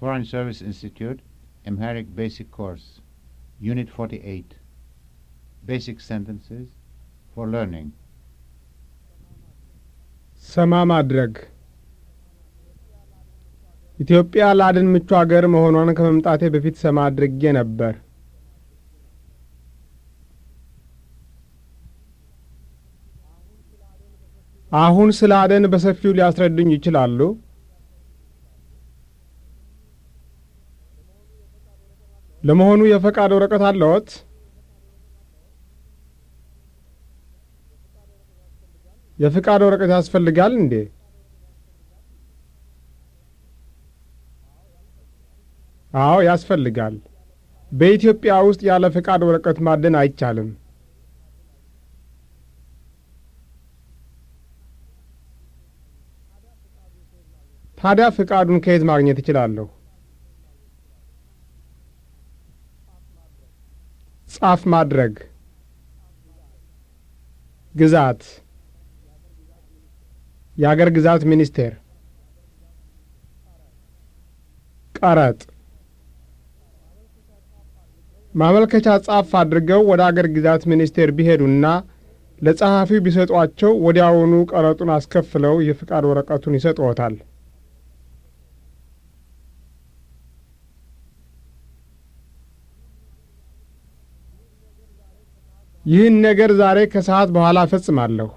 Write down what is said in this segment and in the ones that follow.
Foreign Service Institute, Amharic Basic Course, Unit 48, Basic Sentences for Learning. Sama Madrag. ኢትዮጵያ ለአደን ምቹ አገር መሆኗን ከመምጣቴ በፊት ሰማ አድርጌ ነበር። አሁን ስለ አደን በሰፊው ሊያስረዱኝ ይችላሉ? ለመሆኑ የፈቃድ ወረቀት አለዎት? የፍቃድ ወረቀት ያስፈልጋል እንዴ? አዎ ያስፈልጋል። በኢትዮጵያ ውስጥ ያለ ፍቃድ ወረቀት ማደን አይቻልም። ታዲያ ፍቃዱን ከየት ማግኘት እችላለሁ? ጻፍ ማድረግ ግዛት የአገር ግዛት ሚኒስቴር ቀረጥ ማመልከቻ ጻፍ አድርገው ወደ አገር ግዛት ሚኒስቴር ቢሄዱና ለጸሐፊው ቢሰጧቸው ወዲያውኑ ቀረጡን አስከፍለው የፍቃድ ወረቀቱን ይሰጥዎታል። ይህን ነገር ዛሬ ከሰዓት በኋላ እፈጽማለሁ።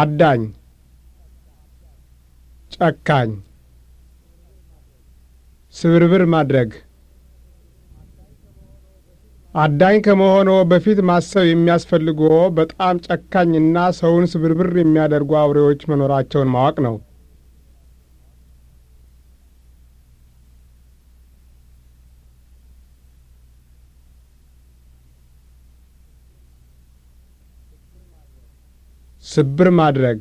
አዳኝ፣ ጨካኝ፣ ስብርብር ማድረግ። አዳኝ ከመሆንዎ በፊት ማሰብ የሚያስፈልግዎ በጣም ጨካኝና ሰውን ስብርብር የሚያደርጉ አውሬዎች መኖራቸውን ማወቅ ነው። ስብር ማድረግ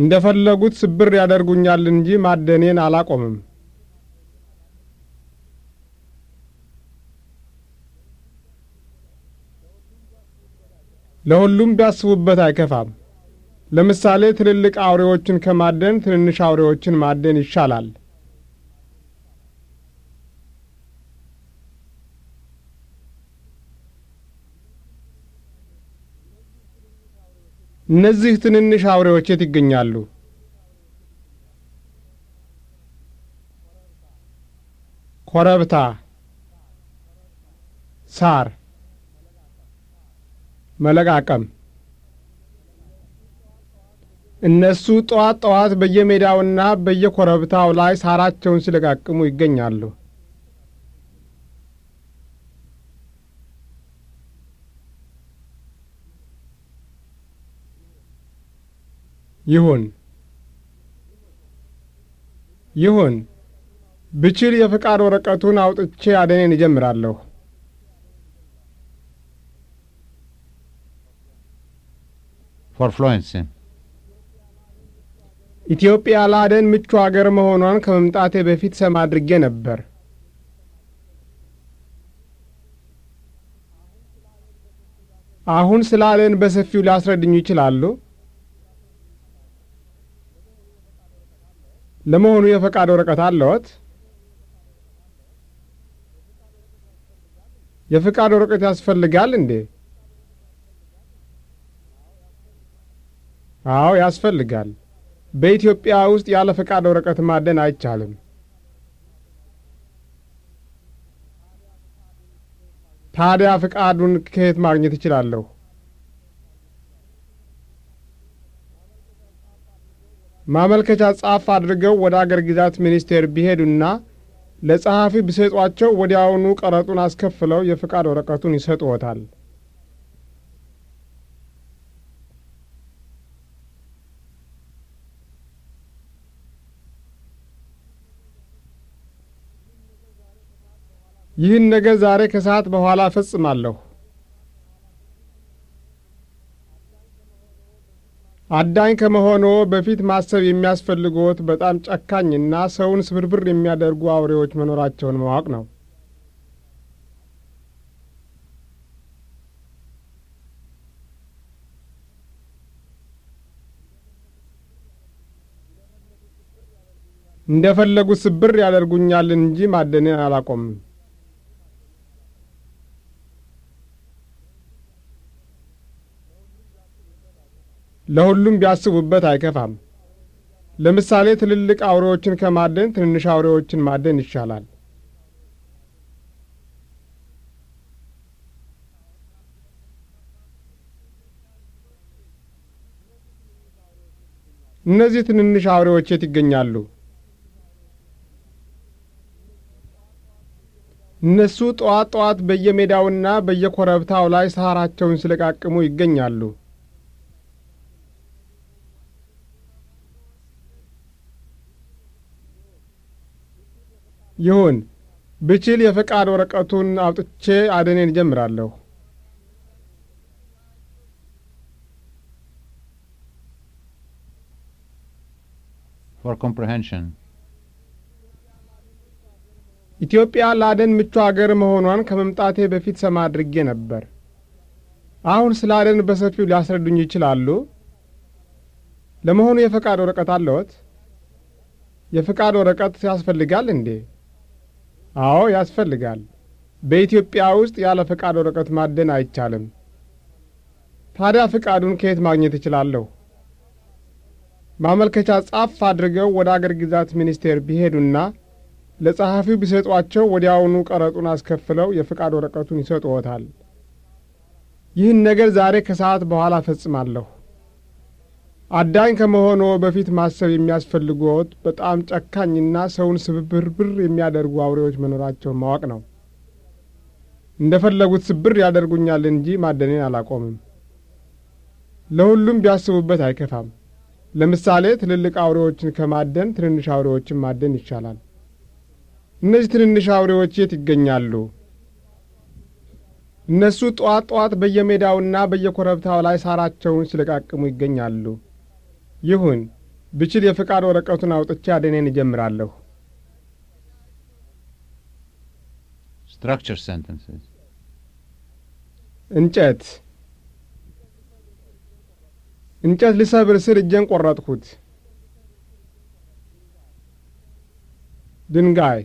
እንደ ፈለጉት ስብር ያደርጉኛል እንጂ ማደኔን አላቆምም። ለሁሉም ቢያስቡበት አይከፋም። ለምሳሌ ትልልቅ አውሬዎችን ከማደን ትንንሽ አውሬዎችን ማደን ይሻላል። እነዚህ ትንንሽ አውሬዎች የት ይገኛሉ? ኮረብታ፣ ሳር፣ መለቃቀም። እነሱ ጠዋት ጠዋት በየሜዳውና በየኮረብታው ላይ ሳራቸውን ሲለቃቅሙ ይገኛሉ። ይሁን ይሁን ብችል የፍቃድ ወረቀቱን አውጥቼ አደኔን እጀምራለሁ። ፎርፍሎንስ ኢትዮጵያ ለአደን ምቹ አገር መሆኗን ከመምጣቴ በፊት ሰማ አድርጌ ነበር። አሁን ስለ አደን በሰፊው ሊያስረድኙ ይችላሉ? ለመሆኑ የፈቃድ ወረቀት አለዎት? የፈቃድ ወረቀት ያስፈልጋል እንዴ? አዎ ያስፈልጋል። በኢትዮጵያ ውስጥ ያለ ፈቃድ ወረቀት ማደን አይቻልም። ታዲያ ፍቃዱን ከየት ማግኘት እችላለሁ? ማመልከቻ ጻፍ አድርገው ወደ አገር ግዛት ሚኒስቴር ቢሄዱና ለጸሐፊ ቢሰጧቸው ወዲያውኑ ቀረጡን አስከፍለው የፍቃድ ወረቀቱን ይሰጥዎታል። ይህን ነገር ዛሬ ከሰዓት በኋላ እፈጽማለሁ። አዳኝ ከመሆኖ በፊት ማሰብ የሚያስፈልጉት በጣም ጨካኝና ሰውን ስብርብር የሚያደርጉ አውሬዎች መኖራቸውን ማወቅ ነው። እንደ ፈለጉ ስብር ያደርጉኛል እንጂ ማደኔን አላቆምም። ለሁሉም ቢያስቡበት አይከፋም። ለምሳሌ ትልልቅ አውሬዎችን ከማደን ትንንሽ አውሬዎችን ማደን ይሻላል። እነዚህ ትንንሽ አውሬዎች የት ይገኛሉ? እነሱ ጠዋት ጠዋት በየሜዳውና በየኮረብታው ላይ ሳራቸውን ስለቃቅሙ ይገኛሉ። ይሁን ብችል የፈቃድ ወረቀቱን አውጥቼ አደኔን እጀምራለሁ። for comprehension ኢትዮጵያ ለአደን ምቹ አገር መሆኗን ከመምጣቴ በፊት ሰማ አድርጌ ነበር። አሁን ስለ አደን በሰፊው ሊያስረዱኝ ይችላሉ? ለመሆኑ የፈቃድ ወረቀት አለዎት? የፈቃድ ወረቀት ያስፈልጋል እንዴ? አዎ ያስፈልጋል። በኢትዮጵያ ውስጥ ያለ ፈቃድ ወረቀት ማደን አይቻልም። ታዲያ ፈቃዱን ከየት ማግኘት እችላለሁ? ማመልከቻ ጻፍ አድርገው ወደ አገር ግዛት ሚኒስቴር ቢሄዱና ለጸሐፊው ቢሰጧቸው ወዲያውኑ ቀረጡን አስከፍለው የፈቃድ ወረቀቱን ይሰጥዎታል። ይህን ነገር ዛሬ ከሰዓት በኋላ እፈጽማለሁ። አዳኝ ከመሆኖ በፊት ማሰብ የሚያስፈልግዎት በጣም ጨካኝና ሰውን ስብብርብር የሚያደርጉ አውሬዎች መኖራቸውን ማወቅ ነው። እንደ ፈለጉት ስብር ያደርጉኛል እንጂ ማደኔን አላቆምም። ለሁሉም ቢያስቡበት አይከፋም። ለምሳሌ ትልልቅ አውሬዎችን ከማደን ትንንሽ አውሬዎችን ማደን ይቻላል። እነዚህ ትንንሽ አውሬዎች የት ይገኛሉ? እነሱ ጠዋት ጠዋት በየሜዳውና በየኮረብታው ላይ ሳራቸውን ሲለቃቅሙ ይገኛሉ። ይሁን ብችል የፍቃድ ወረቀቱን አውጥቼ አደኔን እጀምራለሁ። ስትራክቸር ሰንተንስስ እንጨት እንጨት ልሰብር ስል እጄን ቆረጥኩት። ድንጋይ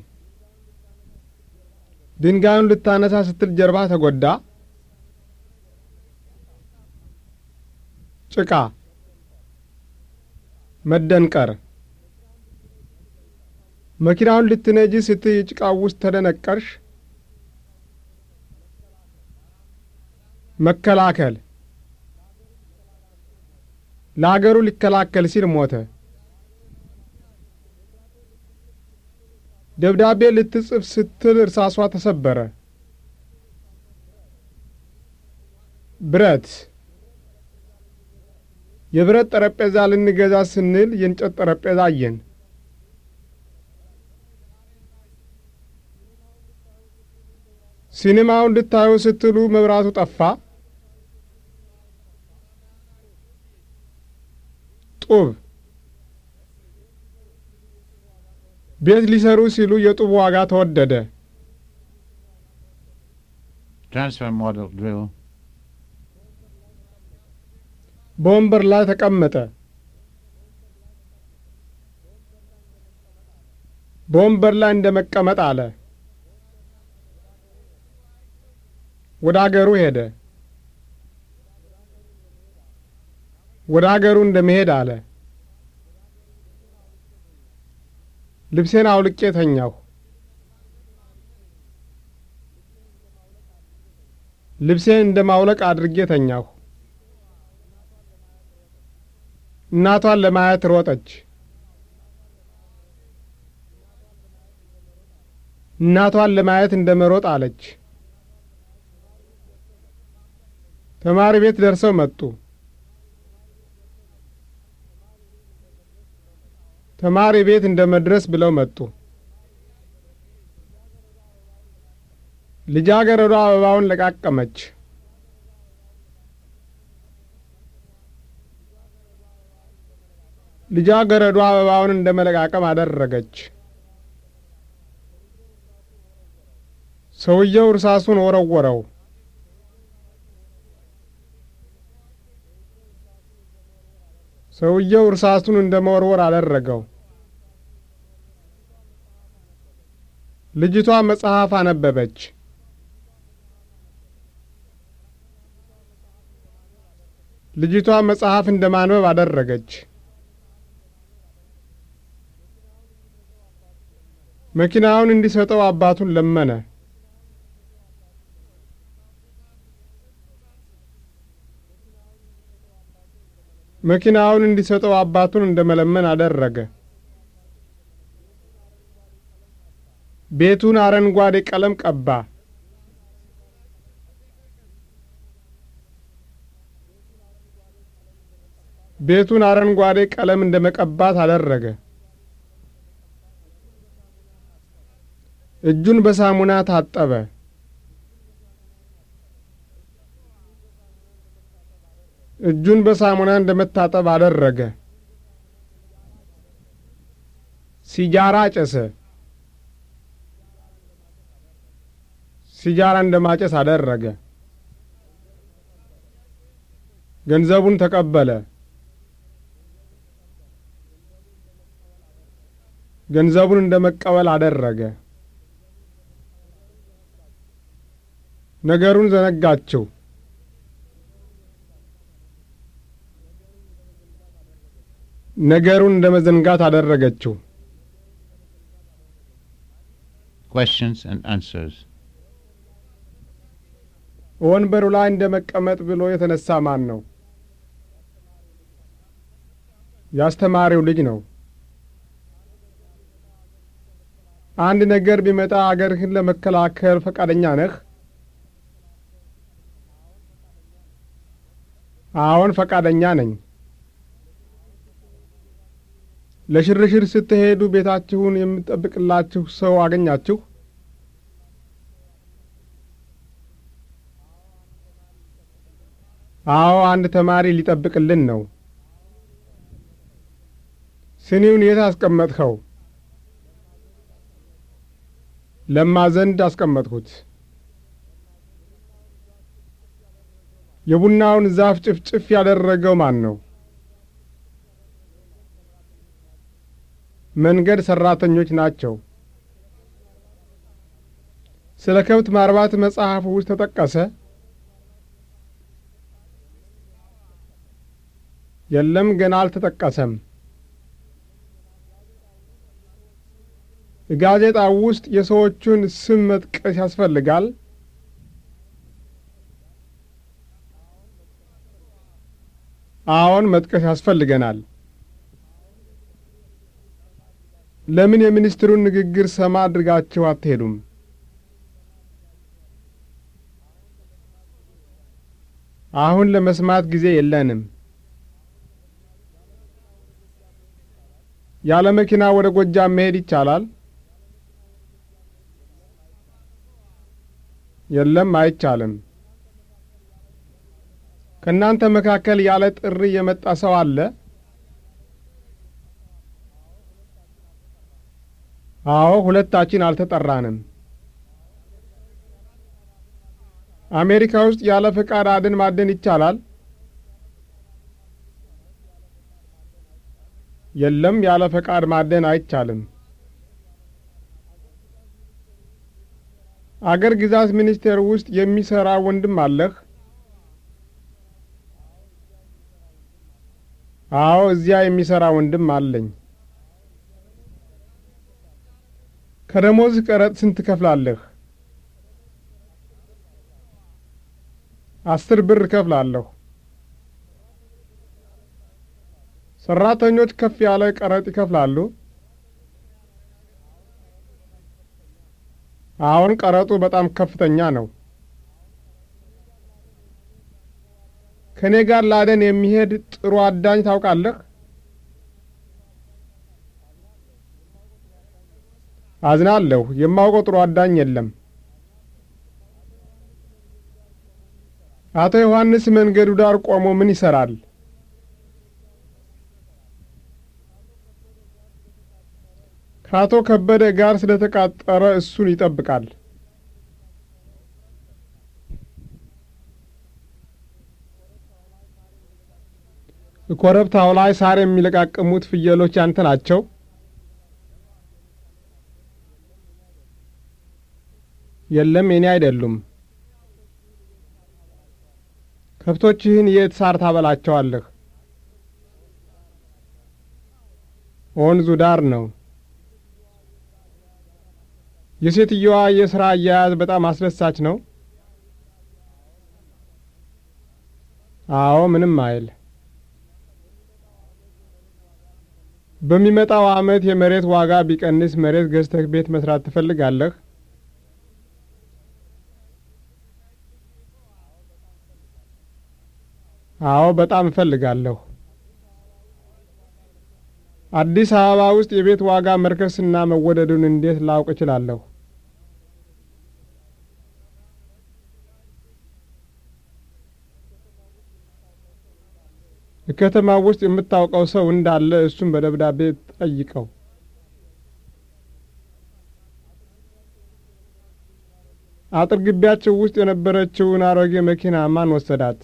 ድንጋዩን ልታነሳ ስትል ጀርባ ተጎዳ። ጭቃ መደንቀር መኪናውን ልትነጂ ስትይ ጭቃ ውስጥ ተደነቀርሽ። መከላከል ለአገሩ ሊከላከል ሲል ሞተ። ደብዳቤ ልትጽፍ ስትል እርሳሷ ተሰበረ። ብረት የብረት ጠረጴዛ ልንገዛ ስንል የእንጨት ጠረጴዛ አየን። ሲኒማውን ልታዩ ስትሉ መብራቱ ጠፋ። ጡብ ቤት ሊሰሩ ሲሉ የጡብ ዋጋ ተወደደ። ትራንስፈር ሞዴል በወንበር ላይ ተቀመጠ። በወንበር ላይ እንደ መቀመጥ አለ። ወደ አገሩ ሄደ። ወደ አገሩ እንደ መሄድ አለ። ልብሴን አውልቄ ተኛሁ። ልብሴን እንደ ማውለቅ አድርጌ ተኛሁ። እናቷን ለማየት ሮጠች። እናቷን ለማየት እንደ መሮጥ አለች። ተማሪ ቤት ደርሰው መጡ። ተማሪ ቤት እንደ መድረስ ብለው መጡ። ልጃገረዷ አበባውን ለቃቀመች። ልጃገረዷ አበባውን እንደ መለቃቀም አደረገች። ሰውየው እርሳሱን ወረወረው። ሰውየው እርሳሱን እንደ መወርወር አደረገው። ልጅቷ መጽሐፍ አነበበች። ልጅቷ መጽሐፍ እንደ ማንበብ አደረገች። መኪናውን እንዲሰጠው አባቱን ለመነ። መኪናውን እንዲሰጠው አባቱን እንደ መለመን አደረገ። ቤቱን አረንጓዴ ቀለም ቀባ። ቤቱን አረንጓዴ ቀለም እንደ መቀባት አደረገ። እጁን በሳሙና ታጠበ። እጁን በሳሙና እንደመታጠብ አደረገ። ሲጃራ ጨሰ። ሲጃራ እንደማጨስ አደረገ። ገንዘቡን ተቀበለ። ገንዘቡን እንደ መቀበል አደረገ። ነገሩን ዘነጋችው። ነገሩን እንደ መዘንጋት አደረገችው። ወንበሩ ላይ እንደ መቀመጥ ብሎ የተነሳ ማን ነው? ያስተማሪው ልጅ ነው። አንድ ነገር ቢመጣ አገርህን ለመከላከል ፈቃደኛ ነህ? አዎን ፈቃደኛ ነኝ። ለሽርሽር ስትሄዱ ቤታችሁን የምጠብቅላችሁ ሰው አገኛችሁ? አዎ አንድ ተማሪ ሊጠብቅልን ነው። ስኒውን የት አስቀመጥኸው? ለማ ዘንድ አስቀመጥሁት። የቡናውን ዛፍ ጭፍጭፍ ያደረገው ማን ነው? መንገድ ሠራተኞች ናቸው። ስለ ከብት ማርባት መጽሐፍ ውስጥ ተጠቀሰ? የለም፣ ገና አልተጠቀሰም። ጋዜጣ ውስጥ የሰዎቹን ስም መጥቀስ ያስፈልጋል? አዎን መጥቀስ ያስፈልገናል። ለምን የሚኒስትሩን ንግግር ሰማ አድርጋችሁ አትሄዱም? አሁን ለመስማት ጊዜ የለንም። ያለ መኪና ወደ ጎጃም መሄድ ይቻላል? የለም፣ አይቻልም። ከእናንተ መካከል ያለ ጥሪ የመጣ ሰው አለ? አዎ፣ ሁለታችን አልተጠራንም። አሜሪካ ውስጥ ያለ ፍቃድ አድን ማደን ይቻላል? የለም፣ ያለ ፈቃድ ማደን አይቻልም። አገር ግዛት ሚኒስቴር ውስጥ የሚሠራ ወንድም አለህ? አዎ እዚያ የሚሰራ ወንድም አለኝ። ከደሞዝህ ቀረጥ ስንት ትከፍላለህ? አስር ብር እከፍላለሁ። ሠራተኞች ከፍ ያለ ቀረጥ ይከፍላሉ? አሁን ቀረጡ በጣም ከፍተኛ ነው። ከእኔ ጋር ላደን የሚሄድ ጥሩ አዳኝ ታውቃለህ? አዝናለሁ። የማውቀው ጥሩ አዳኝ የለም። አቶ ዮሐንስ መንገዱ ዳር ቆሞ ምን ይሠራል? ከአቶ ከበደ ጋር ስለተቃጠረ እሱን ይጠብቃል። ኮረብታው ላይ ሳር የሚለቃቅሙት ፍየሎች ያንተ ናቸው? የለም፣ የኔ አይደሉም። ከብቶችህን የት ሳር ታበላቸዋለህ? ወንዙ ዳር ነው። የሴትየዋ የሥራ አያያዝ በጣም አስደሳች ነው። አዎ፣ ምንም አይል። በሚመጣው ዓመት የመሬት ዋጋ ቢቀንስ መሬት ገዝተህ ቤት መስራት ትፈልጋለህ? አዎ፣ በጣም እፈልጋለሁ። አዲስ አበባ ውስጥ የቤት ዋጋ መርከስና መወደዱን እንዴት ላውቅ እችላለሁ? ከተማ ውስጥ የምታውቀው ሰው እንዳለ እሱን በደብዳቤ ጠይቀው። አጥር ግቢያቸው ውስጥ የነበረችውን አሮጌ መኪና ማን ወሰዳት?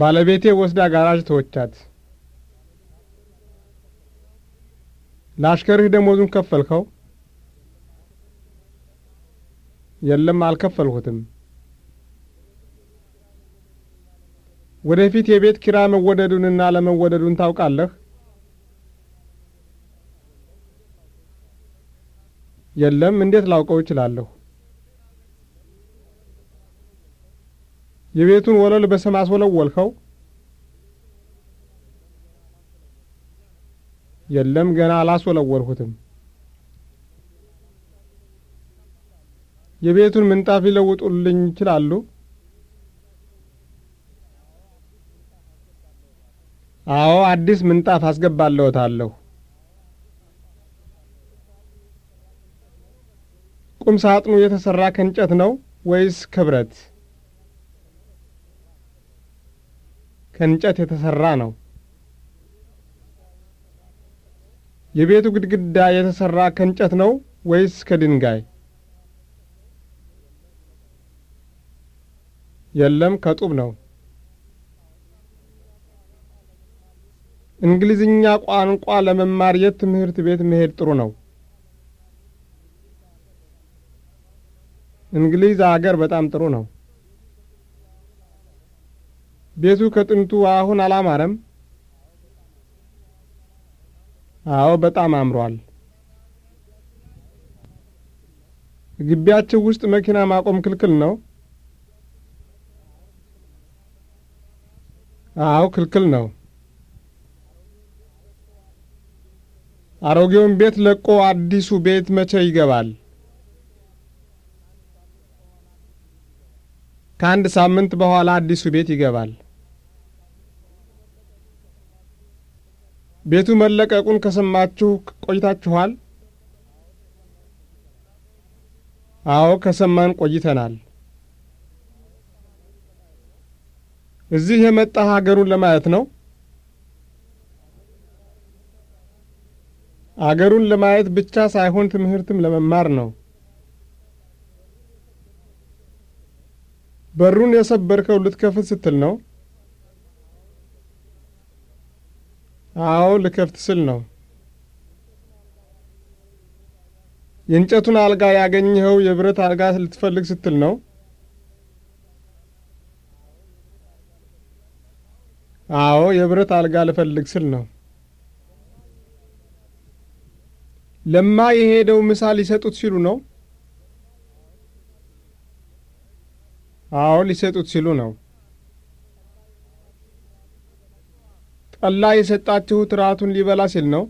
ባለቤቴ ወስዳ ጋራጅ ተወቻት። ለአሽከርህ ደሞዙን ከፈልከው? የለም አልከፈልሁትም። ወደፊት የቤት ኪራይ መወደዱንና ለመወደዱን ታውቃለህ? የለም። እንዴት ላውቀው እችላለሁ? የቤቱን ወለል በስም አስወለወልኸው? የለም፣ ገና አላስወለወልሁትም። የቤቱን ምንጣፍ ሊለውጡልኝ ይችላሉ? አዎ፣ አዲስ ምንጣፍ አስገባለሁታለሁ። ቁም ሳጥኑ የተሠራ ከእንጨት ነው ወይስ ከብረት? ከእንጨት የተሠራ ነው። የቤቱ ግድግዳ የተሠራ ከእንጨት ነው ወይስ ከድንጋይ? የለም ከጡብ ነው። እንግሊዝኛ ቋንቋ ለመማር የት ትምህርት ቤት መሄድ ጥሩ ነው? እንግሊዝ አገር በጣም ጥሩ ነው። ቤቱ ከጥንቱ አሁን አላማረም? አዎ በጣም አምሯል። ግቢያችን ውስጥ መኪና ማቆም ክልክል ነው? አዎ ክልክል ነው። አሮጌውን ቤት ለቆ አዲሱ ቤት መቼ ይገባል? ከአንድ ሳምንት በኋላ አዲሱ ቤት ይገባል። ቤቱ መለቀቁን ከሰማችሁ ቆይታችኋል? አዎ ከሰማን ቆይተናል። እዚህ የመጣ ሀገሩን ለማየት ነው? አገሩን ለማየት ብቻ ሳይሆን ትምህርትም ለመማር ነው። በሩን የሰበርከው ልትከፍት ስትል ነው? አዎ ልከፍት ስል ነው። የእንጨቱን አልጋ ያገኘኸው የብረት አልጋ ልትፈልግ ስትል ነው? አዎ የብረት አልጋ ልፈልግ ስል ነው። ለማ የሄደው ምሳ ሊሰጡት ሲሉ ነው። አዎ ሊሰጡት ሲሉ ነው። ጠላ የሰጣችሁት ራቱን ሊበላ ሲል ነው።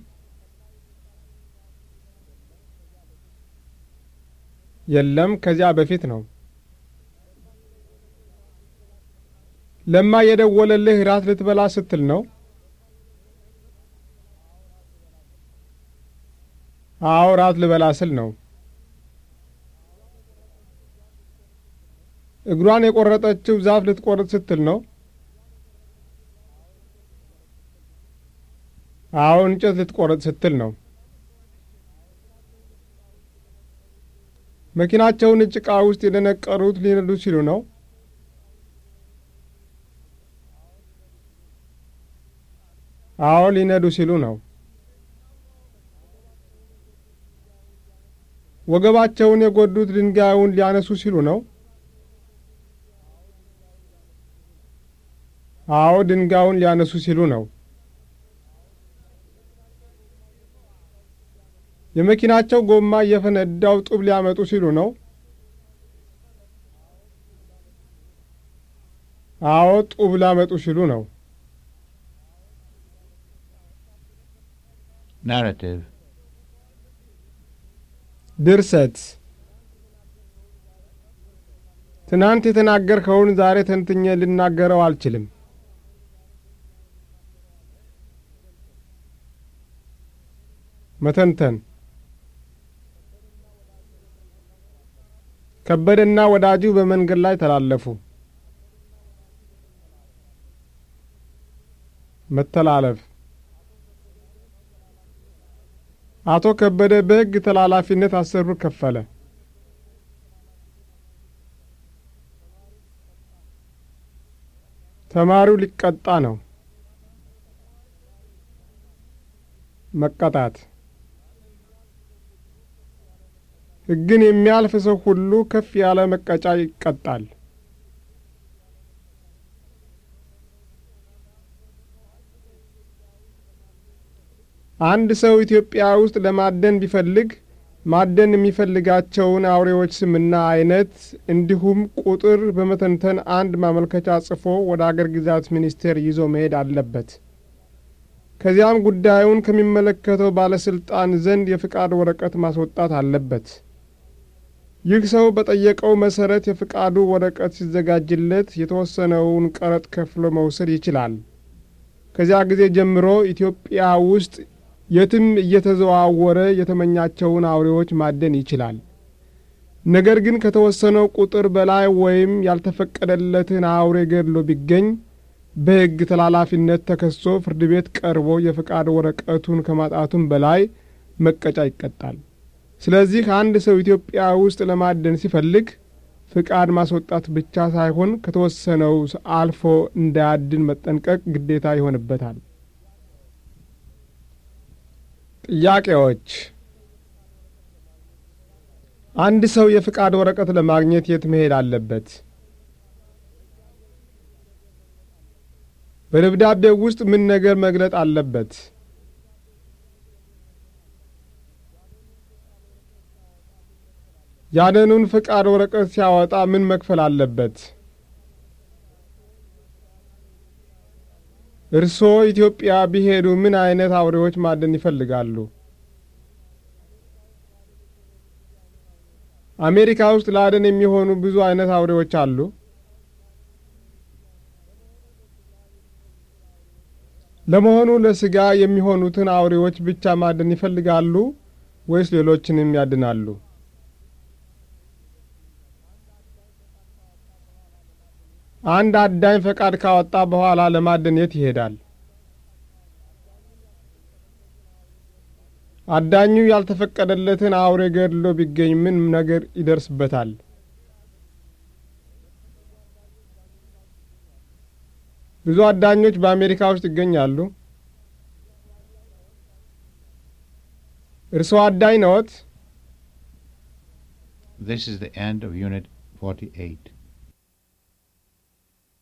የለም ከዚያ በፊት ነው። ለማ የደወለልህ እራት ልትበላ ስትል ነው? አዎ ራት ልበላ ስል ነው። እግሯን የቆረጠችው ዛፍ ልትቆርጥ ስትል ነው? አዎ እንጨት ልትቆርጥ ስትል ነው። መኪናቸውን ጭቃ ውስጥ የደነቀሩት ሊነዱ ሲሉ ነው? አዎ ሊነዱ ሲሉ ነው። ወገባቸውን የጎዱት ድንጋዩን ሊያነሱ ሲሉ ነው። አዎ ድንጋዩን ሊያነሱ ሲሉ ነው። የመኪናቸው ጎማ እየፈነዳው ጡብ ሊያመጡ ሲሉ ነው። አዎ ጡብ ሊያመጡ ሲሉ ነው። ናራቲቭ ድርሰት ትናንት የተናገርከውን ዛሬ ተንትኜ ልናገረው አልችልም። መተንተን ከበደና ወዳጁ በመንገድ ላይ ተላለፉ። መተላለፍ አቶ ከበደ በሕግ ተላላፊነት አሰሩ ከፈለ። ተማሪው ሊቀጣ ነው። መቀጣት ሕግን የሚያልፍ ሰው ሁሉ ከፍ ያለ መቀጫ ይቀጣል። አንድ ሰው ኢትዮጵያ ውስጥ ለማደን ቢፈልግ ማደን የሚፈልጋቸውን አውሬዎች ስምና አይነት እንዲሁም ቁጥር በመተንተን አንድ ማመልከቻ ጽፎ ወደ አገር ግዛት ሚኒስቴር ይዞ መሄድ አለበት። ከዚያም ጉዳዩን ከሚመለከተው ባለሥልጣን ዘንድ የፍቃድ ወረቀት ማስወጣት አለበት። ይህ ሰው በጠየቀው መሠረት የፍቃዱ ወረቀት ሲዘጋጅለት የተወሰነውን ቀረጥ ከፍሎ መውሰድ ይችላል። ከዚያ ጊዜ ጀምሮ ኢትዮጵያ ውስጥ የትም እየተዘዋወረ የተመኛቸውን አውሬዎች ማደን ይችላል። ነገር ግን ከተወሰነው ቁጥር በላይ ወይም ያልተፈቀደለትን አውሬ ገድሎ ቢገኝ በሕግ ተላላፊነት ተከሶ ፍርድ ቤት ቀርቦ የፍቃድ ወረቀቱን ከማጣቱም በላይ መቀጫ ይቀጣል። ስለዚህ አንድ ሰው ኢትዮጵያ ውስጥ ለማደን ሲፈልግ ፍቃድ ማስወጣት ብቻ ሳይሆን ከተወሰነው አልፎ እንዳያድን መጠንቀቅ ግዴታ ይሆንበታል። ጥያቄዎች። አንድ ሰው የፍቃድ ወረቀት ለማግኘት የት መሄድ አለበት? በደብዳቤው ውስጥ ምን ነገር መግለጥ አለበት? ያንኑን ፍቃድ ወረቀት ሲያወጣ ምን መክፈል አለበት? እርስዎ ኢትዮጵያ ቢሄዱ ምን አይነት አውሬዎች ማደን ይፈልጋሉ? አሜሪካ ውስጥ ለአደን የሚሆኑ ብዙ አይነት አውሬዎች አሉ። ለመሆኑ ለስጋ የሚሆኑትን አውሬዎች ብቻ ማደን ይፈልጋሉ ወይስ ሌሎችንም ያድናሉ? አንድ አዳኝ ፈቃድ ካወጣ በኋላ ለማደን የት ይሄዳል? አዳኙ ያልተፈቀደለትን አውሬ ገድሎ ቢገኝ ምን ነገር ይደርስበታል? ብዙ አዳኞች በአሜሪካ ውስጥ ይገኛሉ። እርስዎ አዳኝ ነዎት? This is the end of Unit 48.